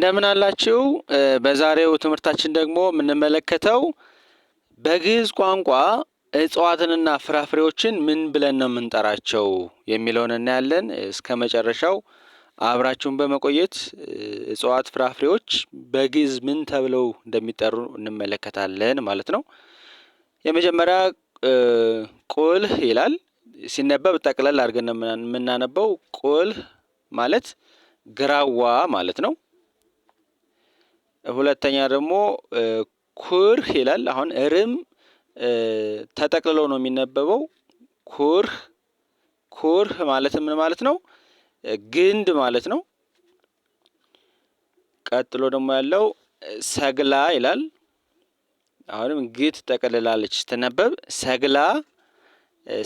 እንደምን አላችሁ። በዛሬው ትምህርታችን ደግሞ የምንመለከተው በግዕዝ ቋንቋ እጽዋትንና ፍራፍሬዎችን ምን ብለን ነው የምንጠራቸው የሚለውን እናያለን። እስከ መጨረሻው አብራችሁን በመቆየት እጽዋት፣ ፍራፍሬዎች በግዕዝ ምን ተብለው እንደሚጠሩ እንመለከታለን ማለት ነው። የመጀመሪያ ቁልህ ይላል ሲነበብ ጠቅለል አድርገን የምናነበው ቁልህ ማለት ግራዋ ማለት ነው። ሁለተኛ ደግሞ ኩርህ ይላል። አሁን እርም ተጠቅልሎ ነው የሚነበበው። ኩርህ ኩርህ ማለት ምን ማለት ነው? ግንድ ማለት ነው። ቀጥሎ ደግሞ ያለው ሰግላ ይላል። አሁንም ግ ትጠቀልላለች ስትነበብ ሰግላ።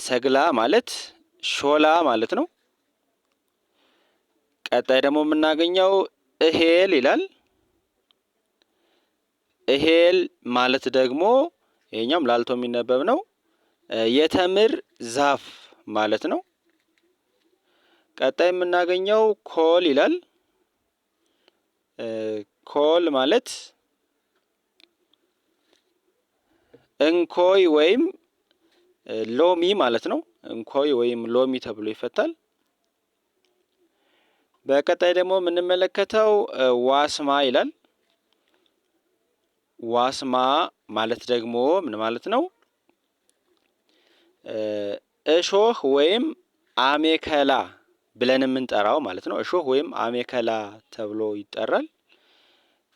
ሰግላ ማለት ሾላ ማለት ነው። ቀጣይ ደግሞ የምናገኘው እሄል ይላል። እሄል ማለት ደግሞ ይሄኛውም ላልቶ የሚነበብ ነው። የተምር ዛፍ ማለት ነው። ቀጣይ የምናገኘው ኮል ይላል። ኮል ማለት እንኮይ ወይም ሎሚ ማለት ነው። እንኮይ ወይም ሎሚ ተብሎ ይፈታል። በቀጣይ ደግሞ የምንመለከተው ዋስማ ይላል። ዋስማ ማለት ደግሞ ምን ማለት ነው? እሾህ ወይም አሜከላ ብለን የምንጠራው ማለት ነው። እሾህ ወይም አሜከላ ተብሎ ይጠራል።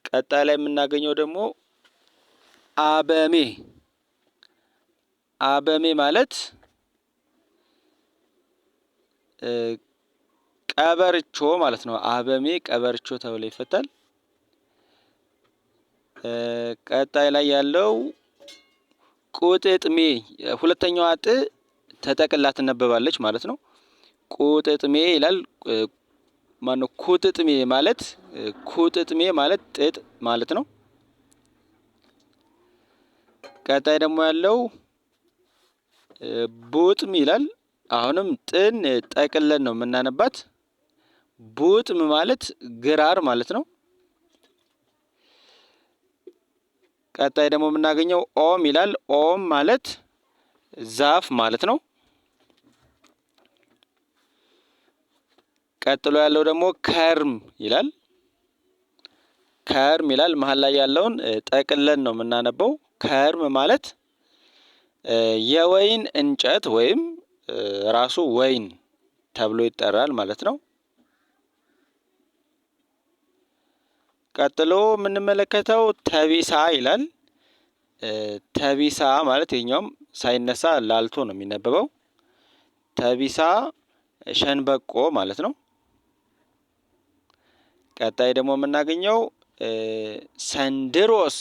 ቀጣይ ላይ የምናገኘው ደግሞ አበሜ። አበሜ ማለት ቀበርቾ ማለት ነው። አበሜ ቀበርቾ ተብሎ ይፈታል። ቀጣይ ላይ ያለው ቁጥጥሜ ሁለተኛዋ ጥ ተጠቅላ ትነበባለች ማለት ነው። ቁጥጥሜ ይላል ማነው? ኩጥጥሜ ማለት ኩጥጥሜ ማለት ጥጥ ማለት ነው። ቀጣይ ደግሞ ያለው ቡጥም ይላል። አሁንም ጥን ጠቅለን ነው የምናነባት። ቡጥም ማለት ግራር ማለት ነው። ቀጣይ ደግሞ የምናገኘው ኦም ይላል። ኦም ማለት ዛፍ ማለት ነው። ቀጥሎ ያለው ደግሞ ከርም ይላል። ከርም ይላል። መሀል ላይ ያለውን ጠቅለን ነው የምናነበው። ከርም ማለት የወይን እንጨት ወይም ራሱ ወይን ተብሎ ይጠራል ማለት ነው። ቀጥሎ የምንመለከተው ተቢሳ ይላል። ተቢሳ ማለት የኛውም ሳይነሳ ላልቶ ነው የሚነበበው። ተቢሳ ሸንበቆ ማለት ነው። ቀጣይ ደግሞ የምናገኘው ሰንድሮስ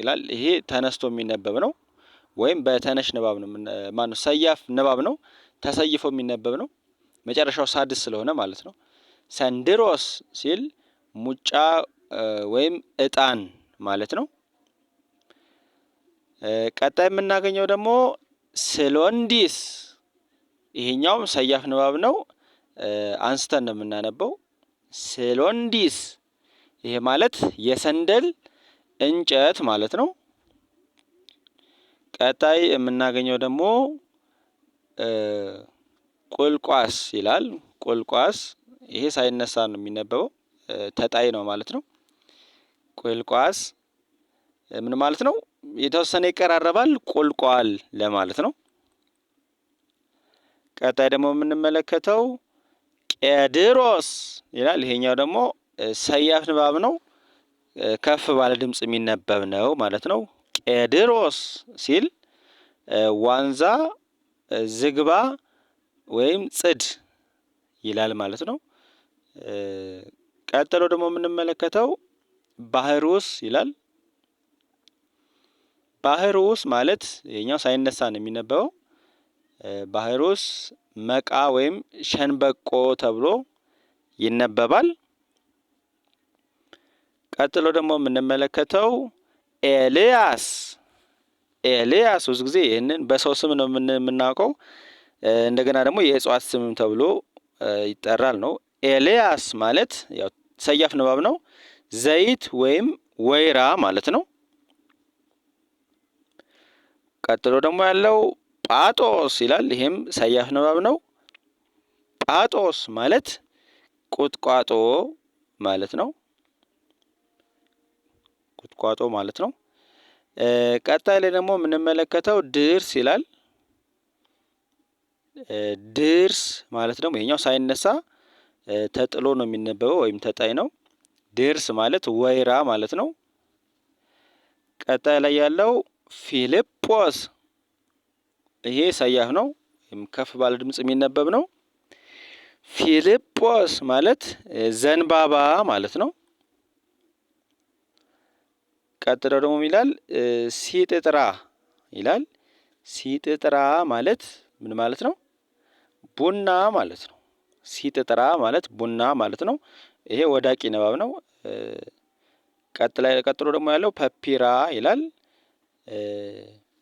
ይላል። ይሄ ተነስቶ የሚነበብ ነው ወይም በተነሽ ንባብ ነው። ማነው ሰያፍ ንባብ ነው፣ ተሰይፎ የሚነበብ ነው። መጨረሻው ሳድስ ስለሆነ ማለት ነው። ሰንድሮስ ሲል ሙጫ ወይም እጣን ማለት ነው። ቀጣይ የምናገኘው ደግሞ ስሎንዲስ፣ ይሄኛውም ሰያፍ ንባብ ነው። አንስተን ነው የምናነበው። ስሎንዲስ ይሄ ማለት የሰንደል እንጨት ማለት ነው። ቀጣይ የምናገኘው ደግሞ ቁልቋስ ይላል። ቁልቋስ ይሄ ሳይነሳ ነው የሚነበበው፣ ተጣይ ነው ማለት ነው። ቁልቋስ ምን ማለት ነው? የተወሰነ ይቀራረባል ቁልቋል ለማለት ነው። ቀጣይ ደግሞ የምንመለከተው ቄድሮስ ይላል። ይሄኛው ደግሞ ሰያፍ ንባብ ነው። ከፍ ባለ ድምፅ የሚነበብ ነው ማለት ነው። ቄድሮስ ሲል ዋንዛ፣ ዝግባ ወይም ጽድ ይላል ማለት ነው። ቀጥሎ ደግሞ የምንመለከተው ባህሮስ ይላል። ባህሮስ ማለት የኛው ሳይነሳ ነው የሚነበበው። ባህሮስ መቃ ወይም ሸንበቆ ተብሎ ይነበባል። ቀጥሎ ደግሞ የምንመለከተው ኤልያስ ኤልያስ ብዙ ጊዜ ይህንን በሰው ስም ነው የምናውቀው። እንደገና ደግሞ የእጽዋት ስምም ተብሎ ይጠራል ነው። ኤልያስ ማለት ያው ሰያፍ ንባብ ነው። ዘይት ወይም ወይራ ማለት ነው። ቀጥሎ ደግሞ ያለው ጳጦስ ይላል። ይሄም ሰያፍ ንባብ ነው። ጳጦስ ማለት ቁጥቋጦ ማለት ነው። ቁጥቋጦ ማለት ነው። ቀጣይ ላይ ደግሞ የምንመለከተው ድርስ ይላል። ድርስ ማለት ደግሞ ይሄኛው ሳይነሳ ተጥሎ ነው የሚነበበው ወይም ተጣይ ነው። ድርስ ማለት ወይራ ማለት ነው። ቀጣይ ላይ ያለው ፊልጶስ ይሄ ሰያፍ ነው ወይም ከፍ ባለ ድምፅ የሚነበብ ነው። ፊልጶስ ማለት ዘንባባ ማለት ነው። ቀጥሎ ደግሞ ይላል ሲጥጥራ ይላል። ሲጥጥራ ማለት ምን ማለት ነው? ቡና ማለት ነው። ሲጥጥራ ማለት ቡና ማለት ነው። ይሄ ወዳቂ ንባብ ነው። ቀጥሎ ደግሞ ያለው ፐፒራ ይላል።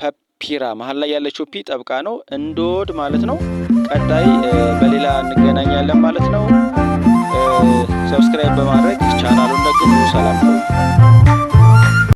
ፐፒራ መሀል ላይ ያለችው ፒ ጠብቃ ነው እንዶድ ማለት ነው። ቀጣይ በሌላ እንገናኛለን ማለት ነው። ሰብስክራይብ በማድረግ ቻናሉን ደግፉ። ሰላም ነው።